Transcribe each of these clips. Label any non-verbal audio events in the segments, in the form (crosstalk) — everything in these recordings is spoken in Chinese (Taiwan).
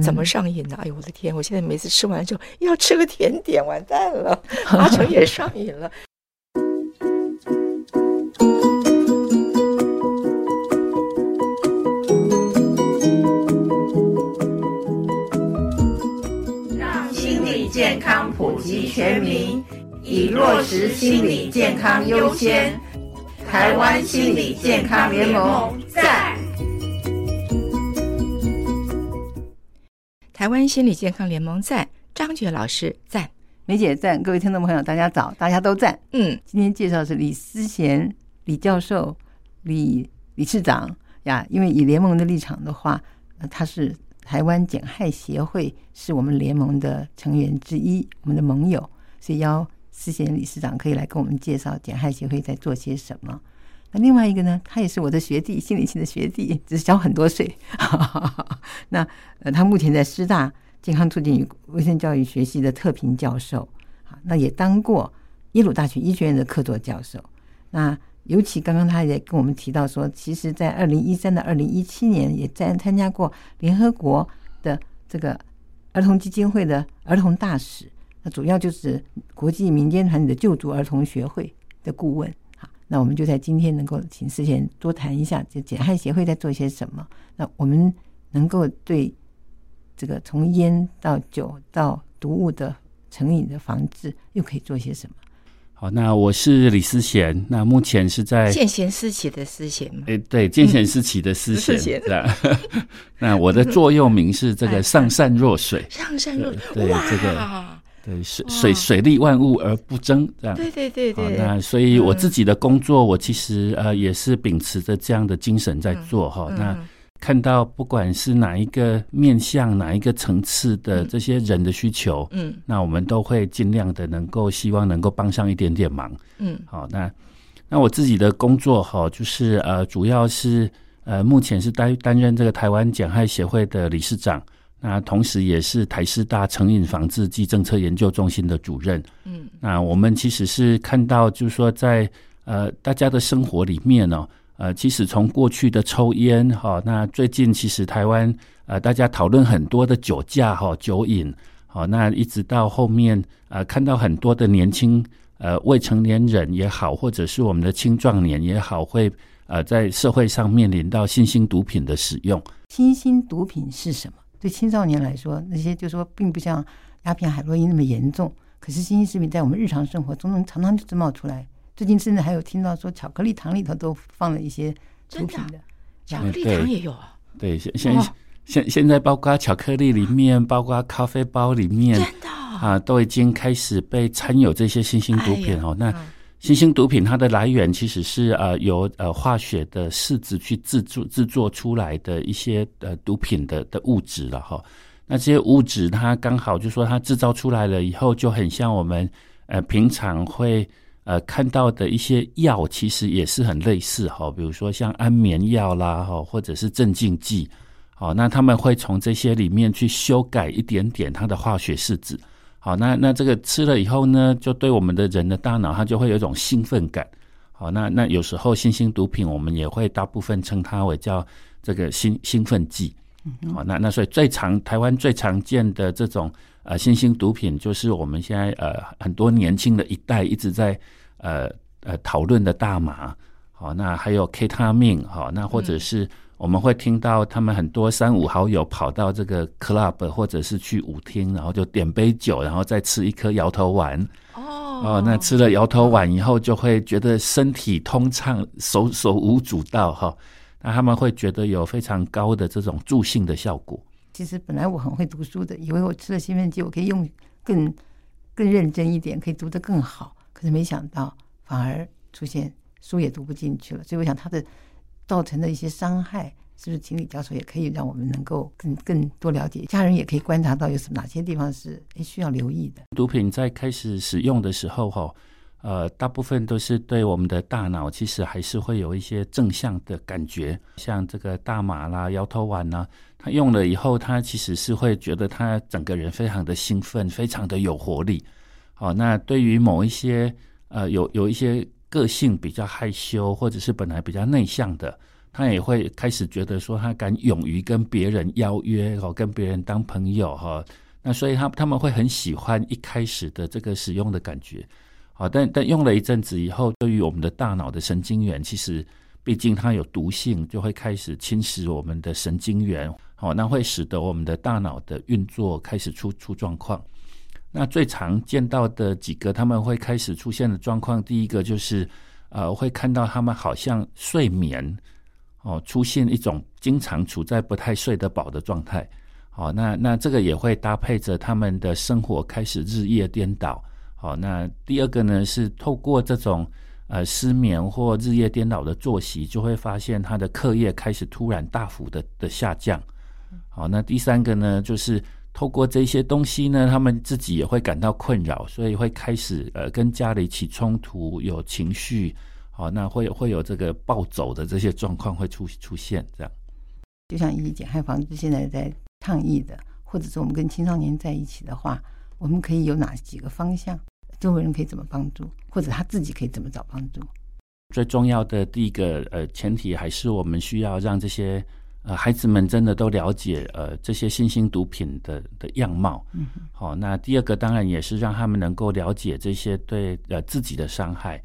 怎麼上癮呢、嗯？哎呦我的天！我現在每次吃完就要吃個甜點，完蛋了。呵呵阿珏也上癮了。讓心理健康普及全民，以落實心理健康優先。台灣心理健康聯盟在。台灣心理健康聯盟在，張珏老師在，梅姐在，各位聽眾朋友，大家早，大家都在。嗯，今天介紹是李思賢李教授，李理事長呀，因為以聯盟的立場的話，他是台灣減害協會，是我們聯盟的成員之一，我們的盟友，所以邀思賢理事長可以來跟我們介紹減害協會在做些什麼。那另外一個呢，他也是我的學弟，心理系的學弟，只是小很多歲。 (laughs) 那他目前在師大健康促進與衛生教育學系的特聘教授啊，那也當過耶魯大學醫學院的客座教授。那尤其剛剛他也跟我們提到說，其實，在二零一三到二零一七年，也在參加過聯合國的這個兒童基金會的兒童大使。那主要就是國際民間團體的救助兒童學會的顧問。那我們就在今天能夠請思賢多談一下，這減害協會在做些什麼？那我們能夠對這個從菸到酒到毒物的成癮的防治，又可以做些什麼？好，那我是李思賢，那目前是在見賢思齊的思賢嗎？哎，對，見賢思齊的思賢，嗯、那， (laughs) (laughs) 那我的座右銘是這個上、哎“上善若水”，上善若水，對這個。對，水水水利萬物而不爭，這樣對對對對，哦。那所以我自己的工作，嗯、我其實呃也是秉持着這樣的精神在做哈，嗯哦。那看到不管是哪一個面向，嗯、哪一個層次的這些人的需求，嗯，那我們都會盡量的能夠希望能夠幫上一點點忙，嗯。好、哦，那那我自己的工作哈，呃，就是呃，主要是呃，目前是擔擔任這個台灣減害協會的理事長。那同時，也是台師大成癮防治暨政策研究中心的主任。嗯，那我們其實是看到，就是說，在呃大家的生活裡面呢，呃，呃，其實從過去的抽煙哈，那最近其實台灣呃大家討論很多的酒駕哈、酒癮好，那一直到後面呃看到很多的年輕呃未成年人也好，或者是我們的青壯年也好，會呃在社會上面臨到新興毒品的使用。新興毒品是什麼？對青少年來說，那些就是說並不像鴉片、海洛因那麼嚴重，可是新型毒品在我們日常生活中，中常常就冒出來。最近甚至還有聽到說，巧克力糖裡頭都放了一些毒品的，的、啊，巧克力糖也有啊。對，現現現、哦、現在包括巧克力裡面，包括咖啡包裡面，哦、啊，都已經開始被摻有這些新型毒品、哎、哦。那新型毒品，它的來源其實是呃由呃化學的式子去制作製作出來的一些呃毒品的的物質了哈。那這些物質它剛好就說，它制造出來了以後就很像我們呃平常會呃看到的一些藥，其實也是很類似哈。比如說像安眠藥啦哈，或者是鎮靜劑，好，那他們會從這些裡面去修改一點點它的化學式子。好，那那這個吃了以後呢，就對我們的人的大腦，它就會有一種興奮感。好，那那有時候新興毒品，我們也會大部分稱它為叫這個興興奮劑。嗯，好，那那所以最常台灣最常見的這種呃新興毒品，就是我們現在呃很多年輕的一代一直在呃呃討論的大麻。好，那還有 K 他命，好，那或者是。我們會聽到他們很多三五好友跑到這個 club 或者是去舞廳，然後就點杯酒，然後再吃一顆搖頭丸、oh, 哦。哦，那吃了搖頭丸以後，就會覺得身體通暢，oh. 手手舞足蹈哈。那他們會覺得有非常高的這種助興的效果。其實本來我很會讀書的，以為我吃了興奮劑，我可以用更更認真一點，可以讀得更好。可是沒想到反而出現書也讀不進去了，所以我想他的。造成的一些傷害，是不是？請李教授也可以讓我們能夠更更多了解，家人也可以觀察到有什麼哪些地方是需要留意的。毒品在開始使用的時候，哈，呃，大部分都是對我們的大腦其實還是會有一些正向的感覺，像這個大麻啦、搖頭丸啦、啊，他用了以後，他其實是會覺得他整個人非常的興奮，非常的有活力。好、哦，那對於某一些呃有有一些，個性比較害羞，或者是本來比較內向的，他也會開始覺得說他敢勇於跟別人邀約哦，跟別人當朋友哈、哦。那所以他他們會很喜歡一開始的這個使用的感覺，好、哦，但但用了一陣子以後，對於我們的大腦的神經元，其實畢竟它有毒性，就會開始侵蝕我們的神經元，好、哦，那會使得我們的大腦的運作開始出出狀況。那最常見到的幾個，他們會開始出現的狀況，第一個就是，呃，會看到他們好像睡眠哦出現一種經常處在不太睡得飽的狀態，好、哦，那那這個也會搭配着他們的生活開始日夜顛倒，好、哦，那第二個呢是透過這種呃失眠或日夜顛倒的作息，就會發現他的課業開始突然大幅的的下降，好、哦，那第三個呢就是。透過這些東西呢，他們自己也會感到困擾，所以會開始呃跟家裡起衝突，有情緒，好、哦，那會會有這個暴走的這些狀況會出出現，這樣。就像減害還有防治，現在在抗疫的，或者是我們跟青少年在一起的話，我們可以有哪幾個方向？周圍人可以怎麼幫助，或者他自己可以怎麼找幫助？最重要的第一個呃前提還是我們需要讓這些。呃，孩子們真的都了解呃這些新興毒品的的樣貌，嗯，好、哦。那第二個當然也是讓他們能夠了解這些對呃自己的傷害。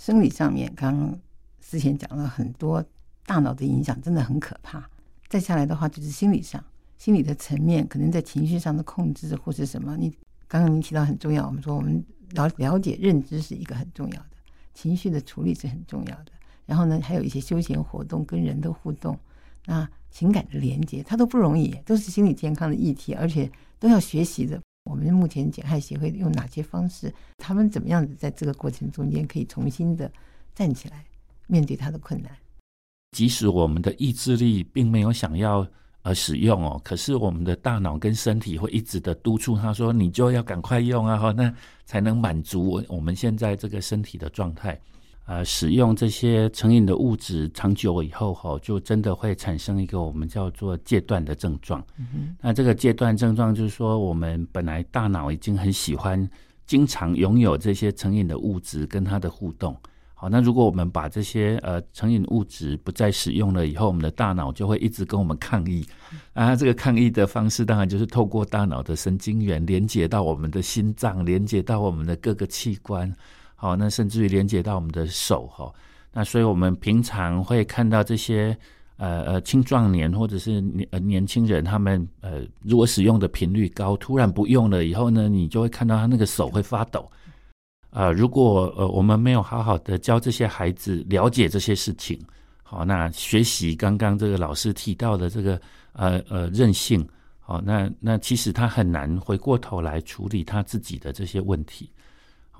生理上面，剛剛之前講了很多大腦的影響，真的很可怕。再下來的話就是心理上，心理的層面可能在情緒上的控制或是什麼。你剛剛您提到很重要，我們說我們了了解認知是一個很重要的，情緒的處理是很重要的。然後呢，還有一些休閒活動跟人的互動，那。情感的連接，它都不容易，都是心理健康的議題，而且都要學習的。我們目前減害協會用哪些方式？他們怎麼樣子在這個過程中間可以重新的站起來，面對它的困難？即使我們的意志力並沒有想要呃使用哦，可是我們的大腦跟身體會一直的督促他說，你就要趕快用啊哈，那才能滿足我我們現在這個身體的狀態。呃，使用這些成癮的物質長久以後，哈，就真的會產生一個我們叫做戒斷的症狀。嗯。那這個戒斷症狀就是說，我們本來大腦已經很喜歡，經常擁有這些成癮的物質跟它的互動。好，那如果我們把這些呃成癮物質不再使用了以後，我們的大腦就會一直跟我們抗議。啊，這個抗議的方式當然就是透過大腦的神經元連接到我們的心臟，連接到我們的各個器官。好，那甚至於連接到我們的手哈，那所以我們平常會看到這些呃呃青壯年或者是年年輕人，他們呃如果使用的頻率高，突然不用了以後呢，你就會看到他那個手會發抖。呃，如果呃我們沒有好好的教這些孩子了解這些事情，好，那學習剛剛這個老師提到的這個呃呃韌性，好，那那其實他很難回過頭來處理他自己的這些問題。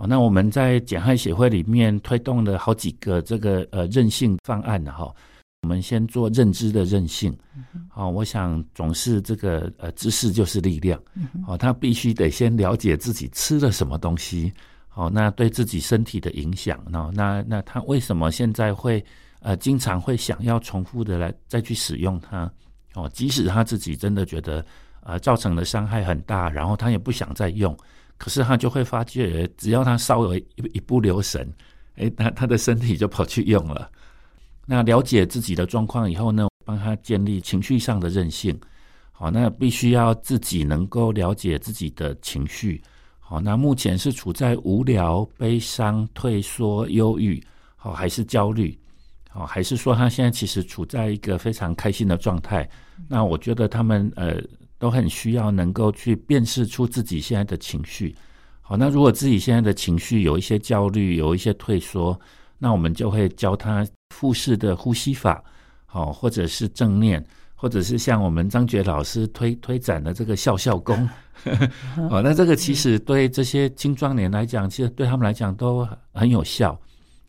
那我們在減害協會裡面推動了好幾個這個呃韌性方案哈。我們先做認知的韌性。好，我想總是這個呃知識就是力量。他必須得先了解自己吃了什麼東西，那對自己身體的影響，那那他為什麼現在會呃經常會想要重複的來再去使用它？哦，即使他自己真的覺得呃造成的傷害很大，然後他也不想再用。可是他就會發覺，只要他稍微一不留神，誒、欸、他的身體就跑去用了。那了解自己的狀況以後呢，幫他建立情緒上的韌性。好、哦，那必須要自己能夠了解自己的情緒。好、哦，那目前是處在無聊、悲傷、退縮、憂鬱，好、哦、還是焦慮？好、哦，還是說他現在其實處在一個非常開心的狀態？那我覺得他們呃。都很需要能夠去辨識出自己現在的情緒。好，那如果自己現在的情緒有一些焦慮，有一些退縮，那我們就會教他腹式的呼吸法，好，或者是正念，或者是像我們張珏老師推推展的這個笑笑功。好，那這個其實對這些青壯年來講，其實對他們來講都很有效。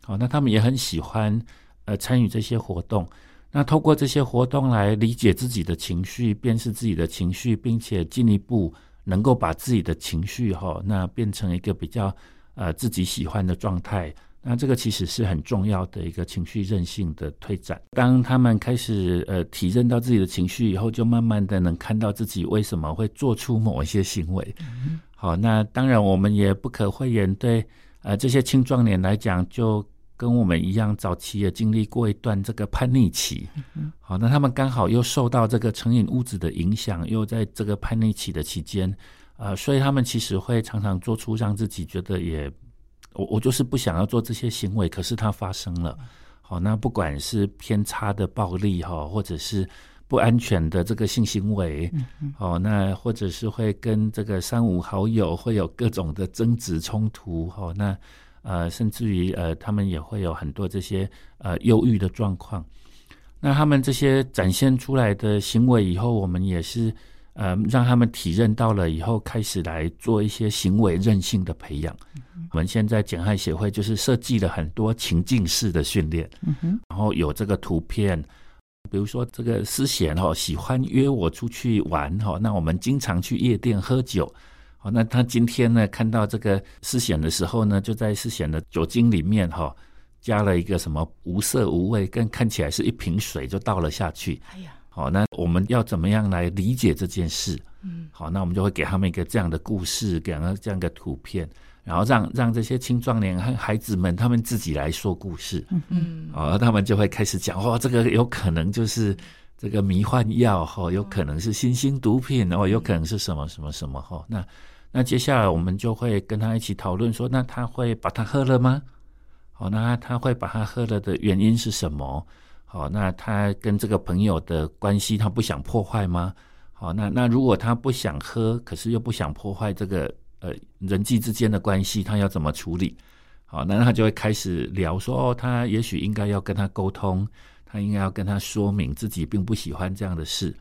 好，那他們也很喜歡呃參與這些活動。那透過這些活動來理解自己的情緒，辨識自己的情緒，並且進一步能夠把自己的情緒哈、哦，那變成一個比較呃自己喜歡的狀態。那這個其實是很重要的一個情緒韌性的推展。當他們開始呃體認到自己的情緒以後，就慢慢的能看到自己為什麼會做出某一些行為。好、嗯哦，那當然我們也不可諱言對，對呃這些青壯年來講就。跟我們一樣，早期也經歷過一段這個叛逆期，好、嗯哦，那他們剛好又受到這個成癮物質的影響，又在這個叛逆期的期間，啊、呃，所以他們其實會常常做出讓自己覺得也，我我就是不想要做這些行為，可是它發生了，好、嗯哦，那不管是偏差的暴力哈、哦，或者是不安全的這個性行為、嗯哦，那或者是會跟這個三五好友會有各種的爭執衝突，哦、那。呃，甚至於呃，他們也會有很多這些呃憂鬱的狀況。那他們這些展現出來的行為以後，我們也是呃讓他們體認到了以後，開始來做一些行為韌性的培養、嗯。我們現在減害協會就是設計了很多情境式的訓練，嗯、哼然後有這個圖片，比如說這個思賢、哦、喜歡約我出去玩哈、哦，那我們經常去夜店喝酒。好，那他今天呢，看到這個試險的時候呢，就在試險的酒精裡面哈、哦，加了一個什麼無色無味，跟看起來是一瓶水，就倒了下去。哎呀，好、哦，那我們要怎麼樣來理解這件事？嗯，好，那我們就會給他們一個這樣的故事，給他們個這樣的圖片，然後讓讓這些青壯年和孩子們他們自己來說故事。嗯嗯，啊、哦，他們就會開始講哇、哦、這個有可能就是這個迷幻藥哈、哦，有可能是新興毒品哦，哦，有可能是什麼什麼什麼哈、哦，那。那接下來我們就會跟他一起討論說，那他會把它喝了嗎？好，那他會把它喝了的原因是什麼？好，那他跟這個朋友的關係，他不想破壞嗎？好，那那如果他不想喝，可是又不想破壞這個呃人際之間的關係，他要怎麼處理？好，那他就會開始聊說，哦，他也許應該要跟他溝通，他應該要跟他說明自己並不喜歡這樣的事。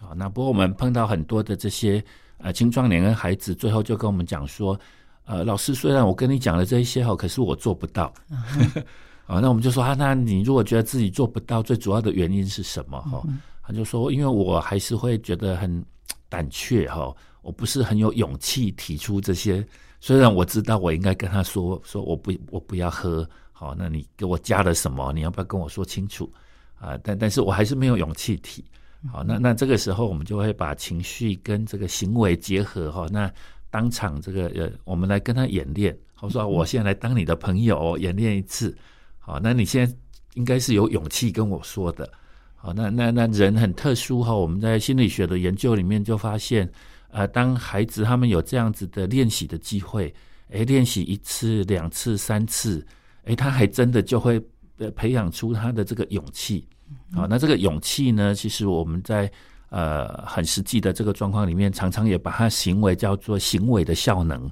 好，那不過我們碰到很多的這些。啊，青壯年跟孩子最後就跟我們講說，呃，老師，雖然我跟你講了這一些哈，可是我做不到。啊、uh -huh. 哦，那我們就說啊，那你如果覺得自己做不到，最主要的原因是什麼？哈、uh -huh.，他就說，因為我還是會覺得很膽怯哈、哦，我不是很有勇氣提出這些。雖然我知道我應該跟他說，說我不，我不要喝。好、哦，那你給我加了什麼？你要不要跟我說清楚？啊，但但是我還是沒有勇氣提。好，那那這個時候我們就會把情緒跟這個行為結合哈。那當場這個呃，我們來跟他演練。我說我現在來當你的朋友、嗯、演練一次。好，那你現在應該是有勇氣跟我說的。好，那那那人很特殊哈。我們在心理學的研究裡面就發現，呃，當孩子他們有這樣子的練習的機會，哎、欸，練習一次、兩次、三次，哎、欸，他還真的就會呃培養出他的這個勇氣。好，那這個勇氣呢？其實我們在呃很實際的這個狀況裡面，常常也把它行為叫做行為的效能。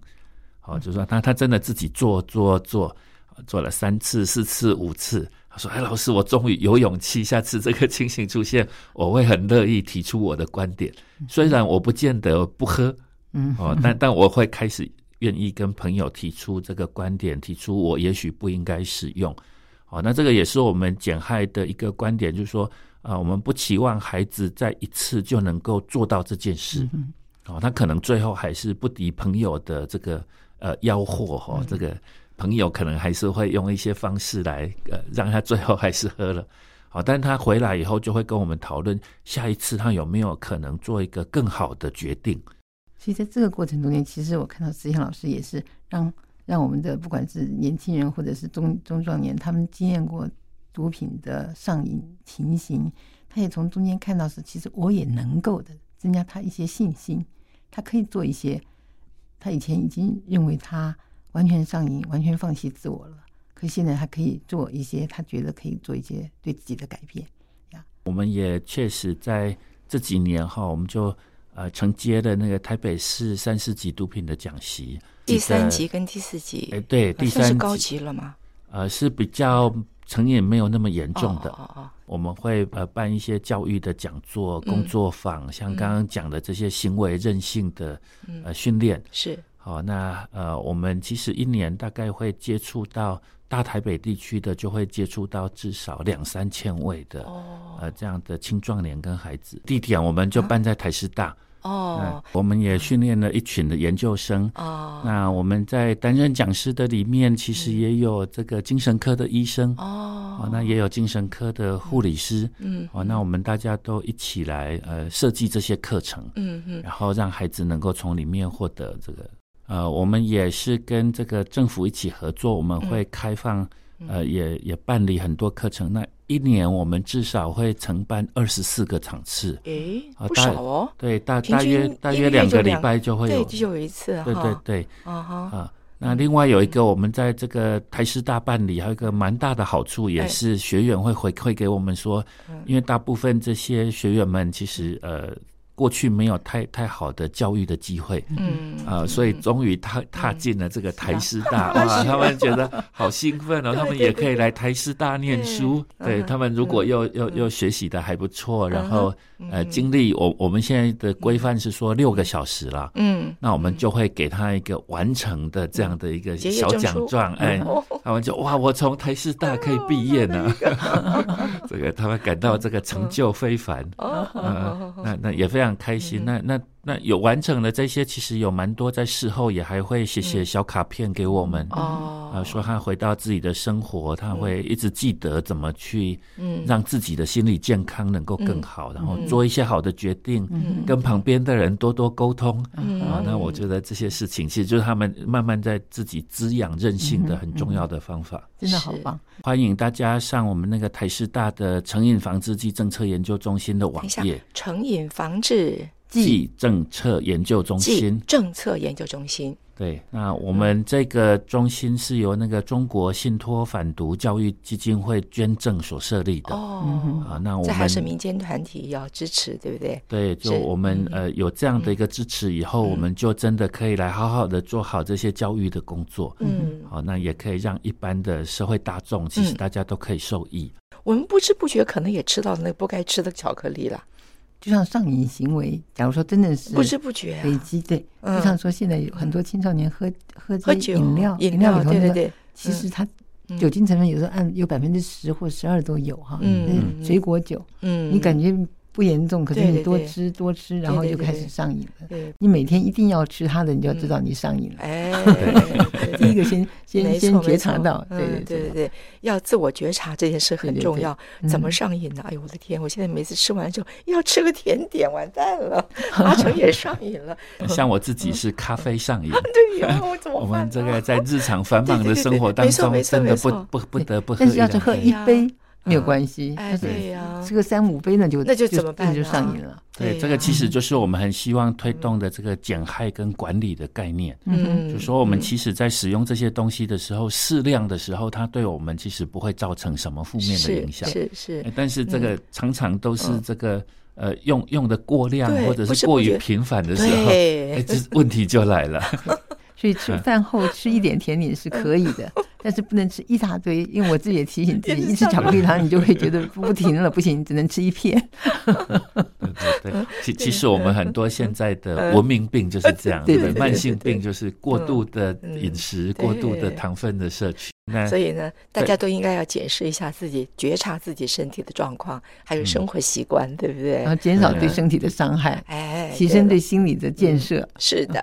好、哦，就是說他他真的自己做做做，做了三次、四次、五次。他說：“哎，老師，我終於有勇氣，下次這個情形出現，我會很樂意提出我的觀點。雖然我不見得不喝，嗯，哦，但但我會開始願意跟朋友提出這個觀點，提出我也許不應該使用。”哦，那這個也是我們減害的一個觀點，就是說，啊、呃，我們不期望孩子在一次就能夠做到這件事。嗯、哦，他可能最後還是不敵朋友的這個呃吆喝哈，這個朋友可能還是會用一些方式來呃讓他最後還是喝了。好、哦，但他回來以後就會跟我們討論下一次他有沒有可能做一個更好的決定。所以在這個過程中間，其實我看到思賢老師也是讓。讓我們的不管是年輕人或者是中中壯年，他們經驗過毒品的上癮情形，他也從中間看到是，其實我也能夠的，增加他一些信心，他可以做一些，他以前已經認為他完全上癮、完全放棄自我了，可現在他可以做一些，他覺得可以做一些對自己的改變呀。Yeah. 我們也確實在這幾年哈，我們就。呃，承接的那個台北市三四級毒品的講習，第三級跟第四級，哎，對，第三級算是高級了嗎？呃，是比較成癮沒有那麼嚴重的，哦哦，哦，哦，我們會呃辦一些教育的講座、工作坊，嗯、像剛剛講的這些行為任性的、嗯、呃訓練，是，好、哦，那呃我們其實一年大概會接觸到。大台北地區的就會接觸到至少兩三千位的，oh. 呃，這樣的青壯年跟孩子。地點我們就辦在台師大。哦、huh? oh. 嗯，我們也訓練了一群的研究生。哦、oh.，那我們在擔任講師的裡面，其實也有這個精神科的醫生。哦、oh. 啊，那也有精神科的護理師。嗯，哦，那我們大家都一起來，呃，設計這些課程。嗯、oh.，然後讓孩子能夠從裡面獲得這個。呃，我們也是跟這個政府一起合作，我們會開放，嗯、呃，也也辦理很多課程，嗯。那一年我們至少會承辦二十四個場次，哎、欸呃，不少哦。呃、對，大大約大約兩個禮拜就會有，對，就有一次，對對對，哈啊哈、嗯呃、那另外有一個，我們在這個台師大辦理，還有一個蠻大的好處，嗯，也是學員會回饋，欸、給我們說，因為大部分這些學員們其實，嗯、呃。過去沒有太太好的教育的機會，嗯啊、呃嗯，所以終於踏踏進了這個台師大、嗯、哇、嗯，他們覺得好興奮哦， (laughs) 他們也可以來台師大念書，對，對，對，對，對他們如果又、嗯、又又學習的還不錯、嗯，然後、嗯、呃經歷、嗯、我我們現在的規範是說六個小時了，嗯，那我們就會給他一個完成的這樣的一個小獎狀，姐姐哎、哦，他們就哇，我從台師大可以畢業呢，這個他們感到這個成就非凡，啊，哦哎哦哎、那那也非常。開心，那那。那有完成了這些，其實有蠻多在事後也還會寫寫小卡片給我們、嗯、哦，啊，說他回到自己的生活、嗯，他會一直記得怎麼去讓自己的心理健康能夠更好、嗯，然後做一些好的決定，嗯、跟旁邊的人多多溝通、嗯啊，嗯、啊。那我覺得這些事情其實就是他們慢慢在自己滋養韌性的很重要的方法，嗯嗯、真的好棒！歡迎大家上我們那個台師大的成癮防治及政策研究中心的網頁，成癮防治。即政策研究中心，政策研究中心。對，那我們這個中心是由那個中國信託反毒教育基金會捐贈所設立的哦。啊，那我們這還是民間團體要支持，對不對？對，就我們呃有這樣的一個支持，以後、嗯、我們就真的可以來好好的做好這些教育的工作。嗯，好、啊，那也可以讓一般的社會大眾，其實大家都可以受益、嗯嗯。我們不知不覺可能也吃到那個不該吃的巧克力了。就像上癮行為，假如說真的是不知不覺累積、啊、對、嗯，就像說現在有很多青少年喝、嗯、喝喝酒飲料，飲料裡頭的、那個嗯，其實它酒精成分有時候按有百分之十或十二都有哈、嗯，嗯，水果酒，嗯，你感覺。不嚴重，可是你多吃對對對多吃，然後就開始上癮了。對對對對對你每天一定要吃它的，你就要知道你上癮了。第、嗯哎、 (laughs) 一個先先先覺察到，對對對，、嗯、對對對，要自我覺察這件事很重要。對對對怎麼上癮呢、嗯？哎呦我的天，我現在每次吃完就要吃個甜點，完蛋了。阿成也上癮了， (laughs) 像我自己是咖啡上癮。嗯嗯、 (laughs) 對呀，我 (laughs) 怎麼辦、啊？ (laughs) 我們這個在日常繁忙的生活當中，對對對對對對真的不不不得不喝一，要喝一杯。哎沒有關係，嗯、哎，對呀、啊，這個三五杯呢，就那就怎麼辦、啊？就,就上癮了。對,對、啊，這個其實就是我們很希望推動的這個減害跟管理的概念。嗯，就說我們其實在使用這些東西的時候，嗯、適量的時候，它對我們其實不會造成什麼負面的影響。是是是。但是這個常常都是這個、嗯、呃用用的過量或者是過於頻繁的時候，哎，這問題就來了。 (laughs) 所以吃飯後吃一點甜點是可以的，但是不能吃一大堆， (laughs) 因為我自己也提醒自己，一吃巧克力糖你就會覺得不停了， (laughs) 不行，你只能吃一片。 (laughs) 對，對，對，其其實我們很多現在的文明病就是這樣，對，對，對，對，對，慢性病就是過度的飲食，過度的糖分的攝取。對、對、對，那所以呢，大家都應該要檢視一下自己，覺察自己身體的狀況，還有生活習慣，嗯，對不對？然後減少對身體的傷害對、對、對、對、對，哎，提升對心理的建設，嗯，是的。